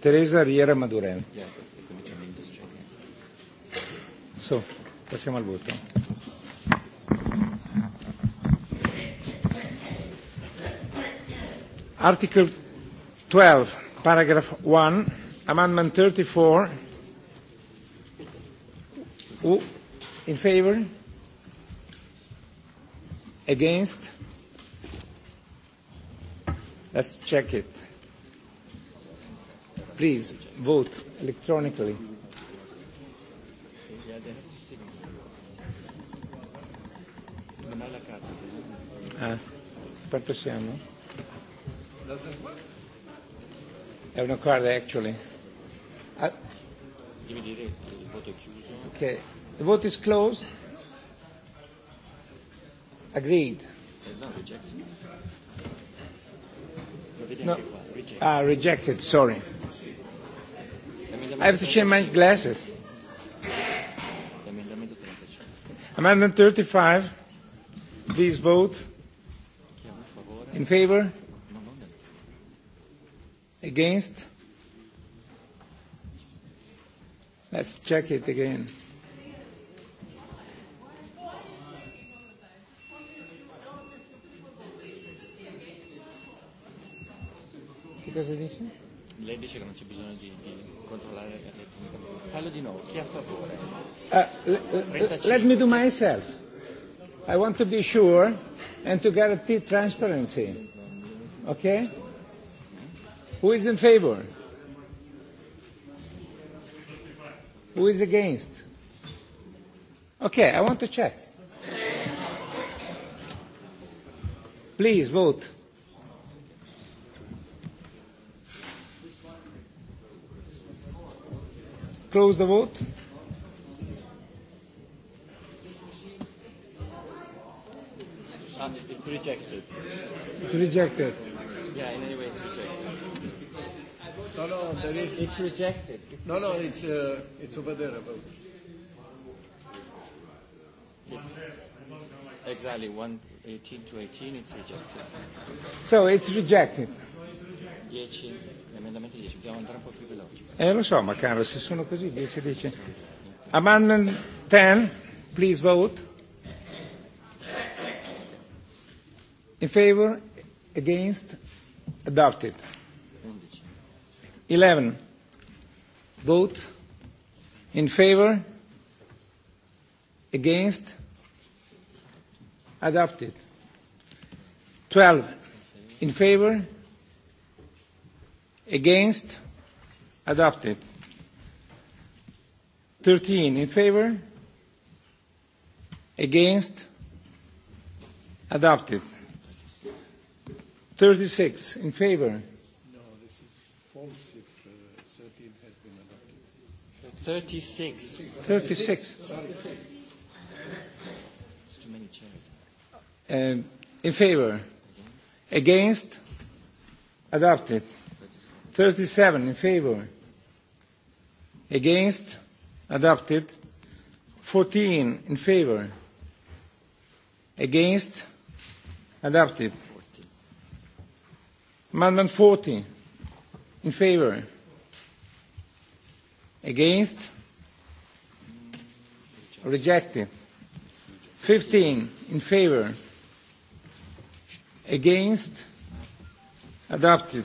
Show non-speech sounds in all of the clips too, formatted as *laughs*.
Teresa Riera Maduren. So, passiamo al voto. Article 12, paragraph 1, amendment 34. Who in favor? Against? Let's check it. Please vote electronically. Ah, quanto siamo? È una quarta, actually. Ah. Devi Ok, the vote is closed. Agreed. No, No. Ah, rejected, sorry. I have to change my glasses. Amendment 35. Please vote. In favor? Against? Let's check it again. ¿Qué has dicho? lei dice che non c'è bisogno di, di controllare elettronicamente. Fallo di nuovo, chi è a favore? Uh, let me do myself. I want to be sure and to guarantee transparency. Okay? Who is in favor? Who is against? Okay, I want to check. Please vote. Close the vote. it's rejected. It's rejected. Yeah, in any way it's rejected. No, no, there is. It's rejected. It's no, no, it's uh, it's over there about. It's exactly, 118 to 18, it's rejected. So it's rejected. 10, l'emendamento 10, dobbiamo andare un po' più veloci. Eh lo so, ma caro, se sono così 10, 10. Amendment 10, please vote. In favor, against, adopted. 11. Vote in favor, against, adopted. 12. In favor, Against? Adopted. 13 in favor? Against? Adopted. 36 in favor? No, this is false if uh, 13 has been adopted. 36. 36. 36. 36. Too many chairs. Uh, in favor? Against? Adopted. 37 in favor. Against? Adopted. 14 in favor. Against? Adopted. Amendment 40 in favor. Against? Rejected. 15 in favor. Against? Adopted.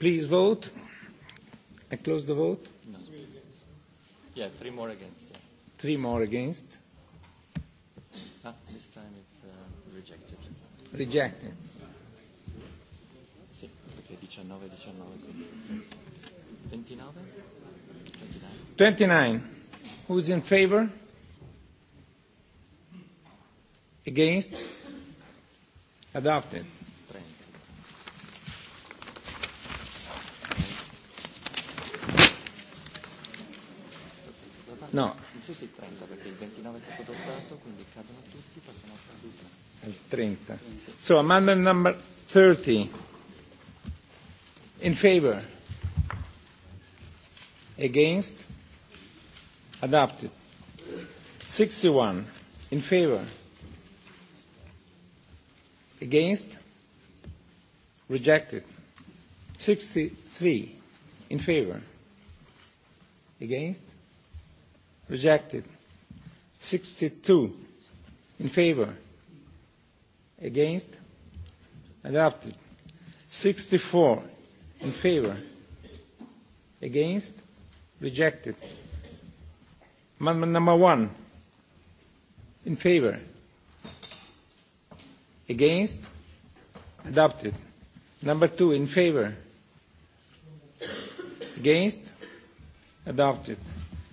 Please vote. I close the vote. No. Yeah, three more against. Yeah. Three more against. Ah, this time it's uh, rejected. Rejected. Sì, perché 19, 19. 29? 29. Who's in favor? Against? Adopted. No. Non so se il 30 perché il 29 è stato adottato, quindi cadono tutti, Il 30. So amendment number 30. In favor. Against. Adopted. 61. In favor. Against. Rejected. 63. In favor. Against rejected. 62 in favor, against, adopted. 64 in favor, against, rejected. Amendment number one, in favor, against, adopted. Number two, in favor, against, adopted.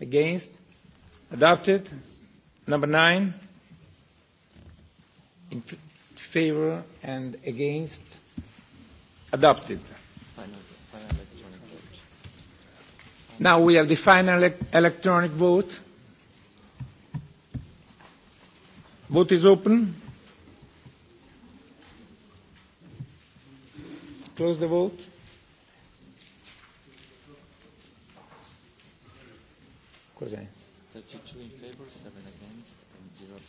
Against? Adopted. Number nine. In favor and against? Adopted. Final, electronic vote. Now we have the final electronic vote. Vote is open. Close the vote. Cos'è? 32 in 7 0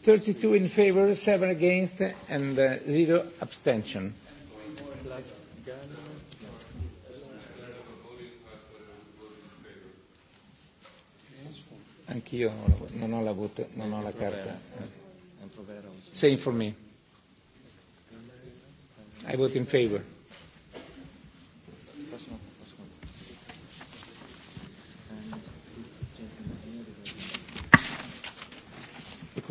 32 in favor, 7 against and uh, 0 abstention. Anch'io non ho la, voto, non ho la carta. Say for me. I vote in favor.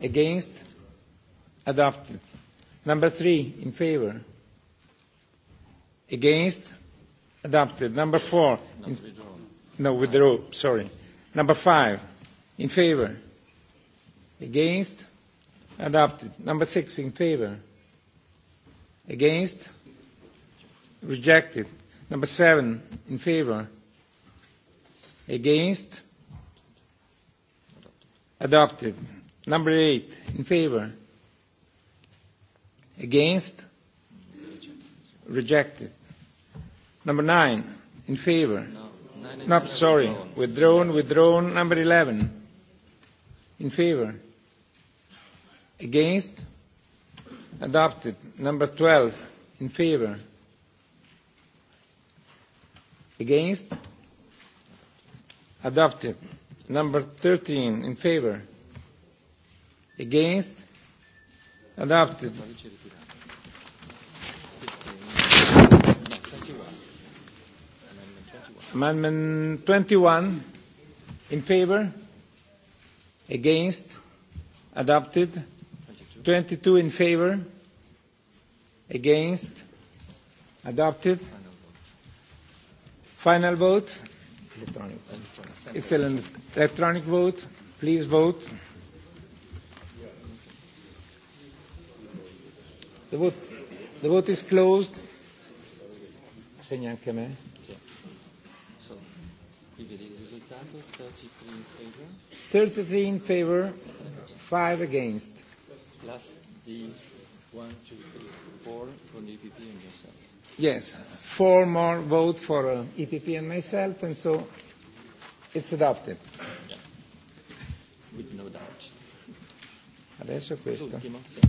against adopted number 3 in favor against adopted number 4 in, no withdraw sorry number 5 in favor against adopted number 6 in favor against rejected number 7 in favor against adopted Number eight, in favor. Against? Rejected. Number nine, in favor. No, nope, sorry, withdrawn. withdrawn, withdrawn. Number 11, in favor. Against? Adopted. Number 12, in favor. Against? Adopted. Number 13, in favor. Against? Adopted. Amendment 21 in favor, against, adopted. 22 in favor, against, adopted. Final vote. Electronic. It's an electronic vote. Please vote. The vote, the vote is closed. Se neanche me. So, qui 33 in favor. five against. Plus the one, two, three, four from the EPP and yourself. Yes, four more votes for uh, EPP and myself, and so it's adopted. Yeah. With no doubt. Adesso questo. L'ultimo, sì.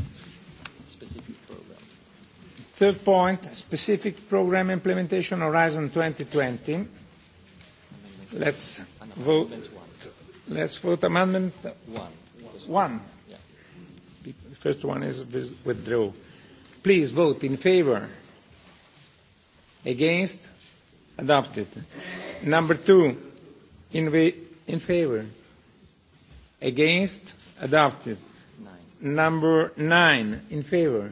Third point, specific program implementation Horizon 2020. Let's vote. Let's vote amendment one. One. Yeah. The first one is withdraw. Please vote in favor. Against? Adopted. Number two, in, in favor. Against? Adopted. Nine. Number nine, in favor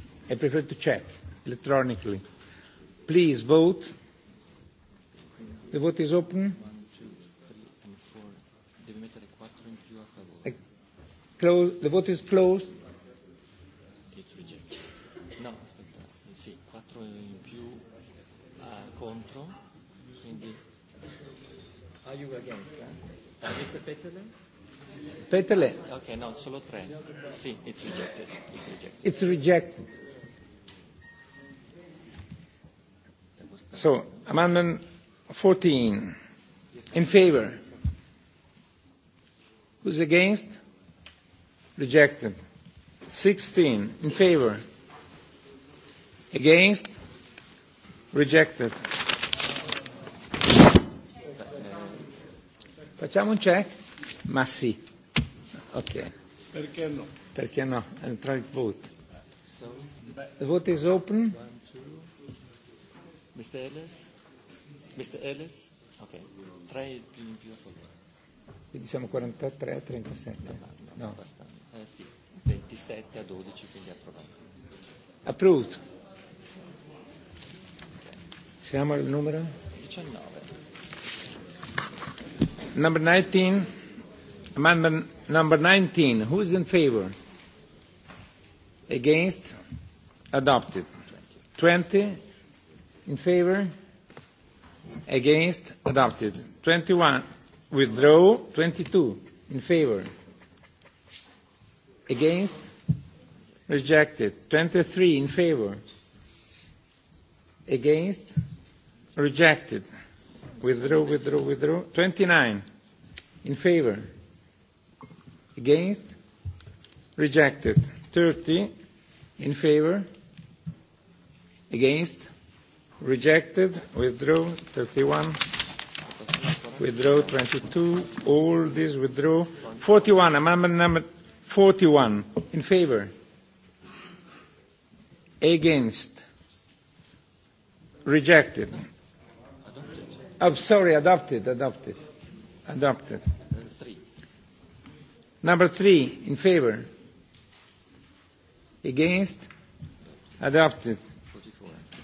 I prefer to check electronically. Please vote. The vote is open. Close. The vote is closed. It's rejected. No, aspetta. Sì, quattro in più uh, contro. Quindi. Are you against? Eh? Ah, Mr. Petzler? Peterle. Okay, no, solo tre. Sì, it's rejected. It's rejected. It's rejected. So, amendment 14. In favor? Who's against? Rejected. 16. In favor? Against? Rejected. Facciamo un check? Ma sì. Ok. Perché no? Perché no? Electronic vote. The vote is open. One, two, Mr. Ellis? Mr. Ellis? Ok, 3 più in più a Quindi siamo 43 a 37? No, no, no. no. Eh, sì, 27 a 12, quindi approvato. Approved. Siamo al numero? 19. Number 19. Amendment number 19. Who is in favor? Against? Adopted. 20. 20 in favor against adopted 21 withdraw 22 in favor against rejected 23 in favor against rejected withdraw withdraw withdraw 29 in favor against rejected 30 in favor against rejected, withdrew 31, withdrew 22, all these withdrew. 41, amendment number 41, in favor, against, rejected. I'm oh, sorry, adopted, adopted, adopted. Number three, in favor, against, adopted.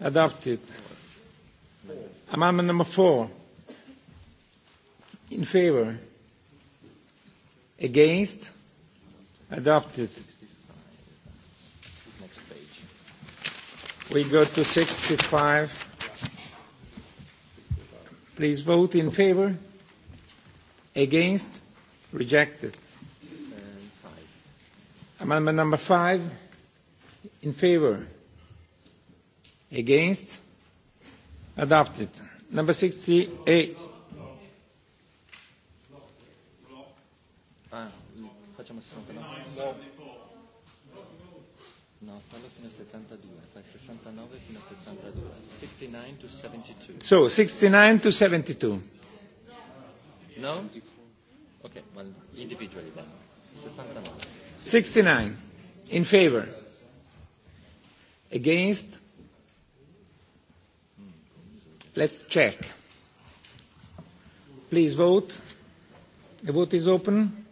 Adopted. Amendment number four. In favor. Against. Adopted. We go to 65. Please vote in favor. Against. Rejected. Amendment number five. In favor Against? Adopted. Number 68. Ah, facciamo 69. No, No. No. No. No. No. No. No. No. No. No. No. No. So, 69 to 72. No? Okay, well, individually then. No. 69. In favor. Against? Let's check. Please vote. The vote is open.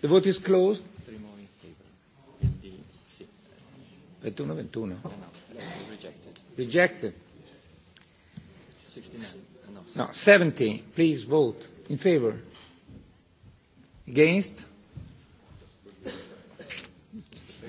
The vote is closed. 21, 21. No, rejected. Rejected. No, 70. Please vote in favor. Against?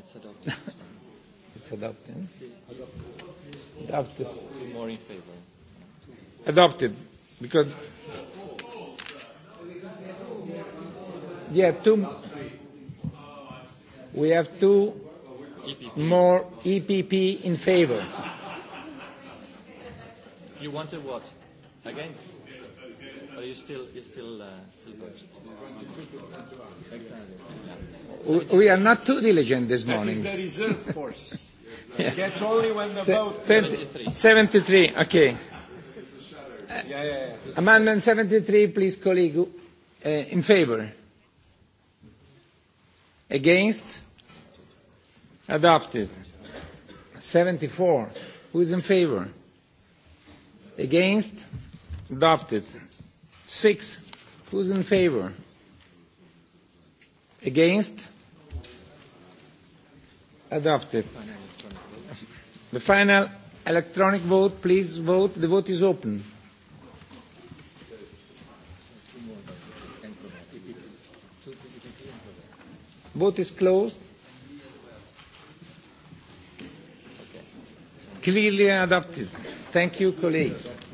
it's adopted. *laughs* it's adopted. Adopted. Two more in favor. Adopted. Because. Yeah, two. We have two EPP. more EPP in favor. You wanted what? Against? you still, you still, uh, still good. We are not too diligent this morning. That is the reserve force. *laughs* yeah. Catch only when the Se- boat... 73, okay. Amendment yeah, yeah, yeah. Uh, Amendment 73, please, colleague. Uh, in favor? Against? Adopted. 74. Who is in favor? Against? Adopted. Six. Who's in favor? Against? Adopted. The final electronic vote, please vote. The vote is open. Vote is closed. Clearly adopted. Thank you, colleagues.